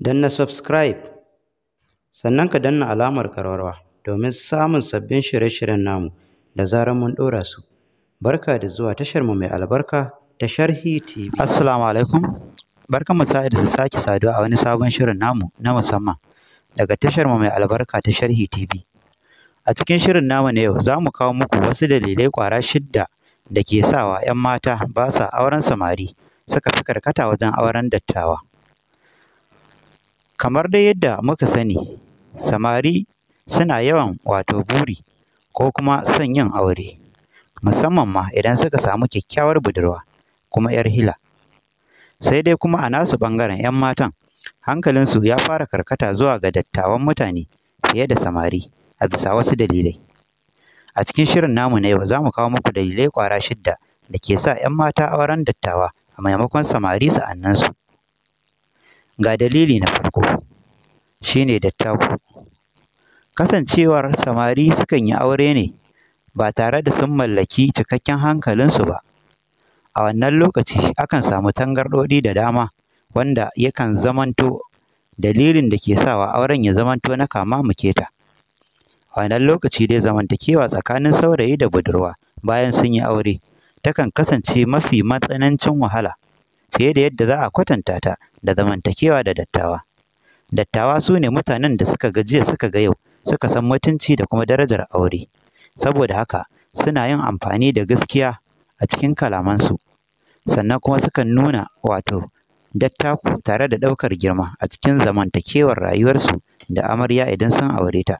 na subscribe sannan ka danna alamar karwarwa domin samun sabbin shirye-shiryen namu da zarar mun ɗora su barka da zuwa tashar mu mai albarka ta sharhi tv assalamu alaikum barkan mu sa'ida su sake saduwa a wani sabon shirin namu na musamman daga tashar mu mai albarka ta sharhi tv a cikin shirin namu na yau za mu kawo muku wasu dalilai kwara shidda da ke sawa 'yan mata ba sa auren samari suka fi karkata wajen auren dattawa Kamar dai yadda muka sani, samari suna yawan wato buri ko kuma son yin aure, musamman ma idan suka samu kyakkyawar budurwa kuma 'yar hila. Sai dai kuma a nasu ɓangaren 'yan matan, hankalinsu ya fara karkata zuwa ga dattawan mutane fiye da samari a bisa wasu dalilai. A cikin shirin namu na yau za mu kawo muku dalilai kwara shidda da ke sa 'yan mata auren dattawa a maimakon samari sa'annansu. Ga dalili na farko. shi ne dattako. Kasancewar samari sukan yi aure ne ba tare da sun mallaki cikakken hankalinsu ba, a wannan lokaci akan samu tangarɗoɗi da dama wanda yakan zamanto dalilin da ke sawa auren ya zamanto na kama muketa A wannan lokaci dai zamantakewa tsakanin saurayi da budurwa bayan sun yi aure takan kasance mafi matsanancin wahala fiye da yadda za a kwatanta ta da zamantakewa da dattawa. Dattawa su ne mutanen da suka ga suka ga yau, suka san mutunci da kuma darajar aure. Saboda haka, suna yin amfani da gaskiya a cikin kalamansu, sannan kuma sukan nuna wato dattako tare da ɗaukar girma a cikin zamantakewar rayuwarsu da amarya idan sun aure ta.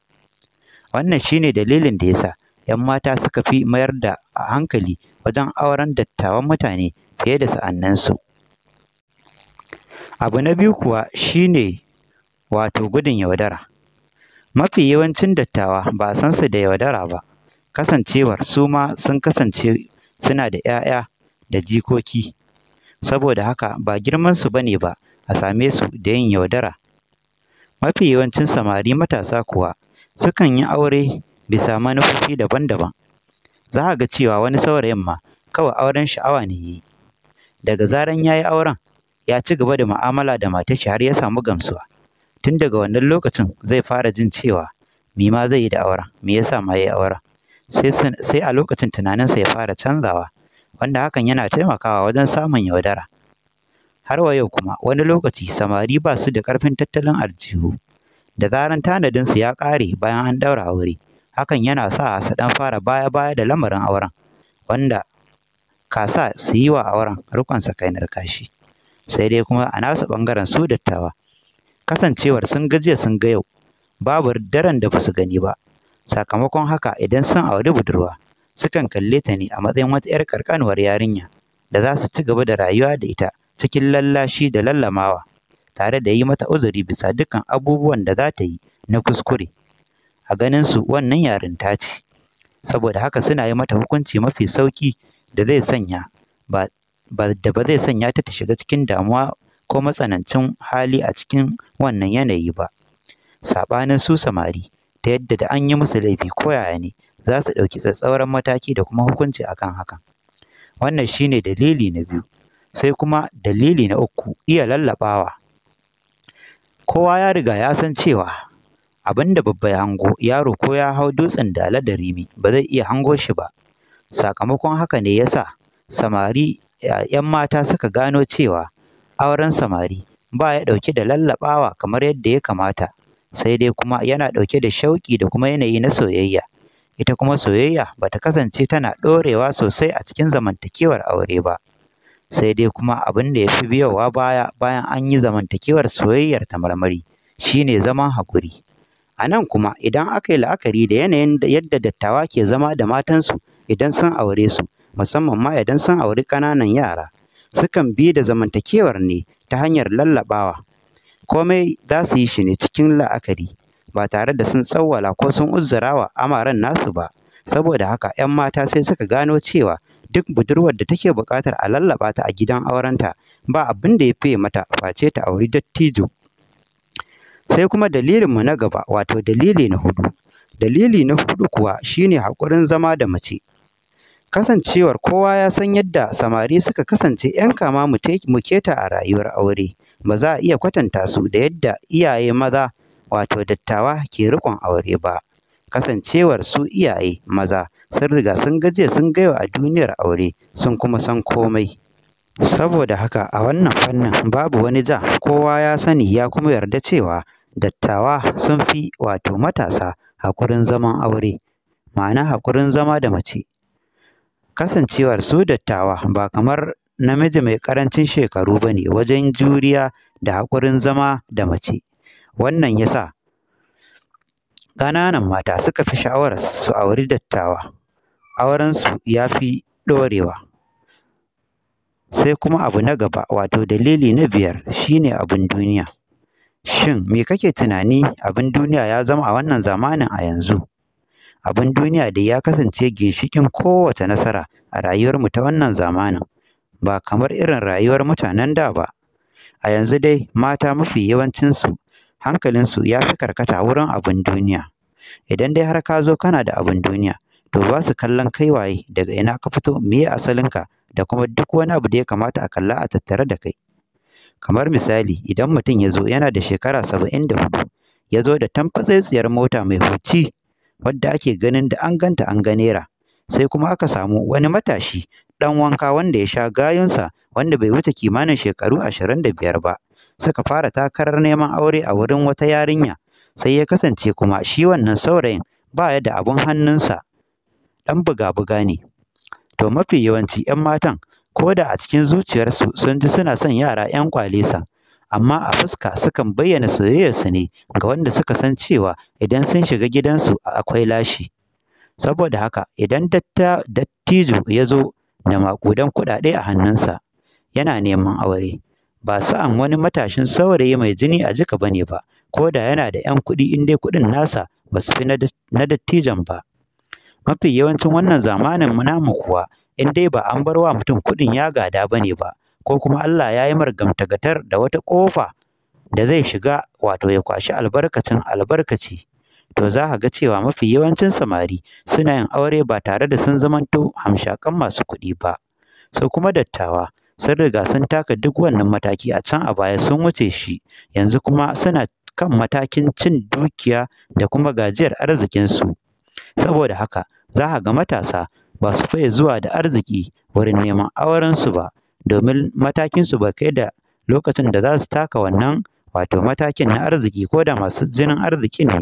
Wannan shine dalilin da ya sa ‘yan mata suka fi mayar da hankali wajen auren dattawan mutane fiye da sa'annansu. Abu na biyu kuwa shine. wato gudun yaudara. Mafi yawancin dattawa ba a san su da yaudara ba, kasancewar su ma sun kasance suna da ‘ya'ya da jikoki, saboda haka ba girmansu ba ne ba a same su da yin yaudara. Mafi yawancin samari matasa kuwa sukan yi aure bisa manufofi daban-daban. Za a ga cewa wani saurayin ma kawai auren sha'awa ne yi, daga zaran ya yi auren, ya ci gaba da mu'amala da shi har ya samu gamsuwa. tun daga wannan lokacin zai fara jin cewa mi ma zai yi da auren me yasa ma yayi yi auren sai a lokacin tunaninsa ya fara canzawa wanda hakan yana taimakawa wajen samun yaudara har wa yau kuma wani lokaci samari ba su da ƙarfin tattalin aljihu da zaran tanadin su ya ƙare bayan an ɗaura aure hakan yana sa su dan fara baya-baya da lamarin auren wanda ka sa su yi wa auren rukunsa sakainar kashi sai dai kuma a nasu bangaren su dattawa kasancewar sun ga sun ga yau babu daren da su gani ba sakamakon haka idan sun auri budurwa sukan kalle ta ne a matsayin wata 'yar karkanuwar yarinya da za su ci gaba da rayuwa da ita cikin lallashi da lallamawa tare da yi mata uzuri bisa dukkan abubuwan da za ta yi na kuskure a ganin su wannan yarinta ce saboda haka suna yi mata hukunci mafi sauki da zai sanya ba da ba zai sanya ta ta shiga cikin damuwa ko matsanancin hali a cikin wannan yanayi ba saɓanin su samari ta yadda da an yi musu laifi ko yaya ne za su ɗauki tsatstsauran mataki da kuma hukunci a kan hakan wannan shi ne dalili na biyu sai kuma dalili na uku iya lallaɓawa kowa ya riga ya san cewa abin da babba ya hango yaro ko ya hau dutsen dala da rimi ba zai iya hango shi ba sakamakon haka ne ya sa samari 'yan mata suka gano cewa auren samari ba ya ɗauke da lallaɓawa kamar yadda ya kamata sai dai kuma yana ɗauke da shauƙi da kuma yanayi na soyayya ita kuma soyayya bata kasance tana ɗorewa sosai a cikin zamantakewar aure ba sai dai kuma abin da ya fi biyowa baya bayan an yi zamantakewar soyayyar ta marmari shine zaman haƙuri a nan kuma idan aka yi la'akari da yanayin yadda dattawa ke zama da matansu idan sun aure su musamman ma idan sun auri ƙananan yara sukan bi da zamantakewar ne ta hanyar lallaɓawa. Komai za su yi shi ne cikin la'akari, ba tare da sun tsawwala ko sun uzura wa amaren nasu ba. Saboda haka 'yan mata sai suka gano cewa duk budurwar da take buƙatar a lallaɓa ta a gidan aurenta ba abin da ya fiye mata face ta auri dattijo. Sai kuma dalilinmu na gaba wato dalili na hudu. Dalili na hudu kuwa shine haƙurin zama da mace. Kasancewar kowa ya san yadda samari suka kasance 'yan kama mu keta a rayuwar aure, ba za a iya kwatanta su da yadda iyaye maza wato dattawa ke riƙon aure ba, kasancewar su iyaye maza sun riga sun gaje sun gaiwa a duniyar aure sun kuma san komai. Saboda haka a wannan fannin babu wani ja, kowa ya sani ya kuma yarda cewa dattawa sun fi wato matasa haƙurin zaman aure, ma'ana haƙurin zama da mace. Kasancewar su dattawa ba kamar namiji mai ƙarancin shekaru ba ne wajen juriya da haƙurin zama da mace. Wannan ya sa ƙananan mata suka fi sha'awar su auri dattawa. Aurensu ya fi ɗorewa. Sai kuma abu na gaba wato dalili na biyar shine abin duniya. Shin me kake tunani abin duniya ya zama a wannan zamanin a yanzu? Abin duniya dai ya kasance ginshikin kowace nasara a rayuwarmu ta wannan zamanin, ba kamar irin rayuwar mutanen da ba. A yanzu dai mata mafi yawancinsu hankalinsu ya fi karkata wurin abin duniya. Idan dai har ka zo kana da abin duniya, to ba su kallon kai waye, daga ina ka fito, meye asalinka da kuma duk wani abu da ya kamata a kalla a tattare da kai. Kamar misali, idan mutum ya zo yana da shekara saba'in da hudu, ya zo da tanfatsetsiyar mota mai huci wadda ake ganin da an ganta an ga naira. Sai kuma aka samu wani matashi ɗan wanka wanda ya sha gayunsa wanda bai wuce kimanin shekaru ashirin da biyar ba. Suka fara takarar neman aure a wurin wata yarinya, sai ya kasance kuma shi wannan saurayin ba ya da abin hannunsa, ɗan buga-buga ne. To mafi yawanci 'yan matan ko da a cikin zuciyarsu sun ji suna son yara 'yan kwalesa amma a fuska sukan bayyana soyayyarsu ne ga wanda suka san cewa idan sun shiga gidansu akwai lashi. Saboda haka idan dattijo ya zo da maƙudan kuɗaɗe a hannunsa yana neman aure, ba sa'an wani matashin saurayi mai jini a jika ba ne ba, ko da yana da 'yan kuɗi in dai kuɗin nasa ba su fi na dattijan ba. Mafi yawancin wannan zamanin namu kuwa in dai ba an bar wa mutum kuɗin ya gada ba ne ba, ko kuma Allah ya yi margamtagatar da wata ƙofa da zai shiga wato ya kwashi albarkacin albarkaci to za ka ga cewa mafi yawancin samari suna yin aure ba tare da sun zamanto hamshakan masu kuɗi ba So kuma dattawa sun riga sun taka duk wannan mataki a can a baya sun wuce shi yanzu kuma suna kan matakin cin dukiya da kuma gajiyar arzikinsu saboda haka za ka ga matasa ba su faye zuwa da arziki wurin neman aurensu ba domin matakinsu ba kai da lokacin da za su taka wannan wato matakin na arziki ko da masu jinin arzikin ne.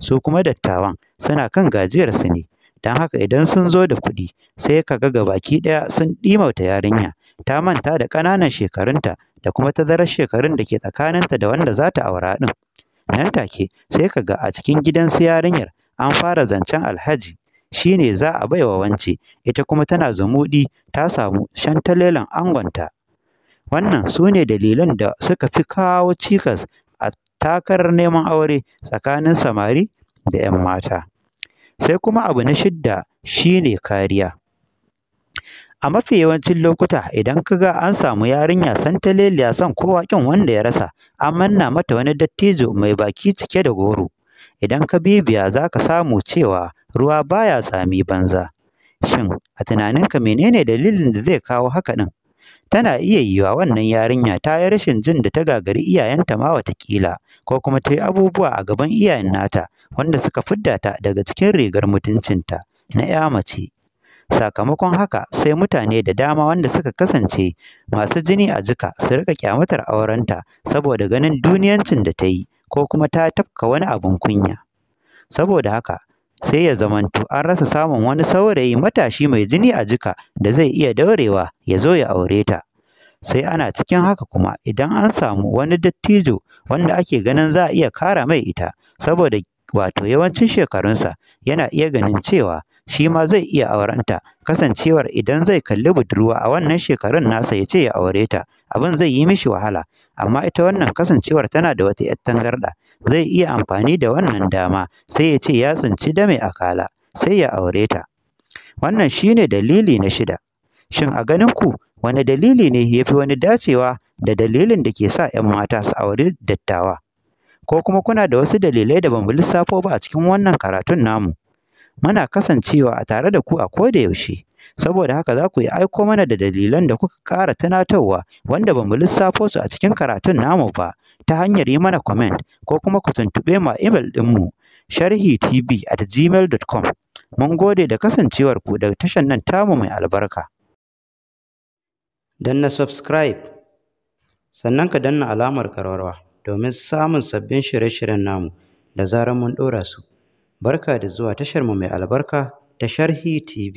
Su kuma dattawan suna kan gajiyarsu ne. Don haka idan sun zo da kuɗi sai ka ga gabaki ɗaya sun ɗimauta yarinya. Ta manta da ƙananan shekarunta da kuma tazarar shekarun da ke tsakaninta da wanda za ta aura ɗin. Nan take sai ka ga a cikin gidan su yarinyar an fara zancen Alhaji shi ne za a baiwa wance, ita kuma tana zumuɗi ta samu shantalelan angonta. Wannan su ne dalilan da suka fi kawo cikas a takarar neman aure tsakanin samari da 'yan mata. Sai kuma abu na shidda shi ne kariya. A mafi yawancin lokuta idan ka ga an samu yarinya ya son kowa ƙin wanda ya rasa, an manna mata wani dattijo mai baki cike da goro. Idan ka bibiya za ka samu cewa ruwa ba ya sami banza. Shin a tunaninka menene dalilin da zai kawo haka ɗin? Tana iya yiwa wannan yarinya ta yi rashin jin da ta gagari iyayenta ma watakila ko kuma ta yi abubuwa a gaban iyayen nata wanda suka fidda ta daga cikin rigar mutuncinta na ‘ya mace. Sakamakon haka sai mutane da dama wanda suka kasance masu jini a jika su riƙa ƙyamatar aurenta saboda ganin duniyancin da ta yi ko kuma ta tafka wani abin kunya. Saboda haka sai ya zamanto an rasa samun wani saurayi matashi mai jini a jika da zai iya daurewa ya zo ya aure ta. Sai ana cikin haka kuma idan an samu wani dattijo wanda ake ganin za a iya kara mai ita saboda wato yawancin shekarunsa yana iya ganin cewa shi ma zai iya aurenta kasancewar idan zai kalli budurwa a wannan shekarun nasa ya ce ya aure ta abin zai yi mishi wahala amma ita wannan kasancewar tana da wata 'yar tangarda zai iya amfani da wannan dama sai ya ce ya tsinci da mai akala, sai ya aure ta wannan shine dalili na shida shin a ganin ku wani dalili ne yafi wani dacewa da dalilin da ke sa 'yan mata su auri dattawa ko kuma kuna da wasu dalilai da ban lissafo ba a cikin wannan karatun namu Muna kasancewa a tare da ku a ko da yaushe. Saboda haka za ku iya aiko mana da dalilan da kuka ƙara tunatarwa wanda ba mu lissafo su a cikin karatun namu ba ta hanyar yi mana comment ko kuma ku tuntuɓe mu a imel ɗinmu sharhitv@gmail.com. Mun gode da kasancewar ku daga tashar nan tamu mai albarka. Danna subscribe, sannan ka danna alamar ƙararrawa domin samun sabbin shirye-shiryen namu da zarar mun ɗora su. Barka da zuwa tashar mu mai albarka ta Sharhi TV.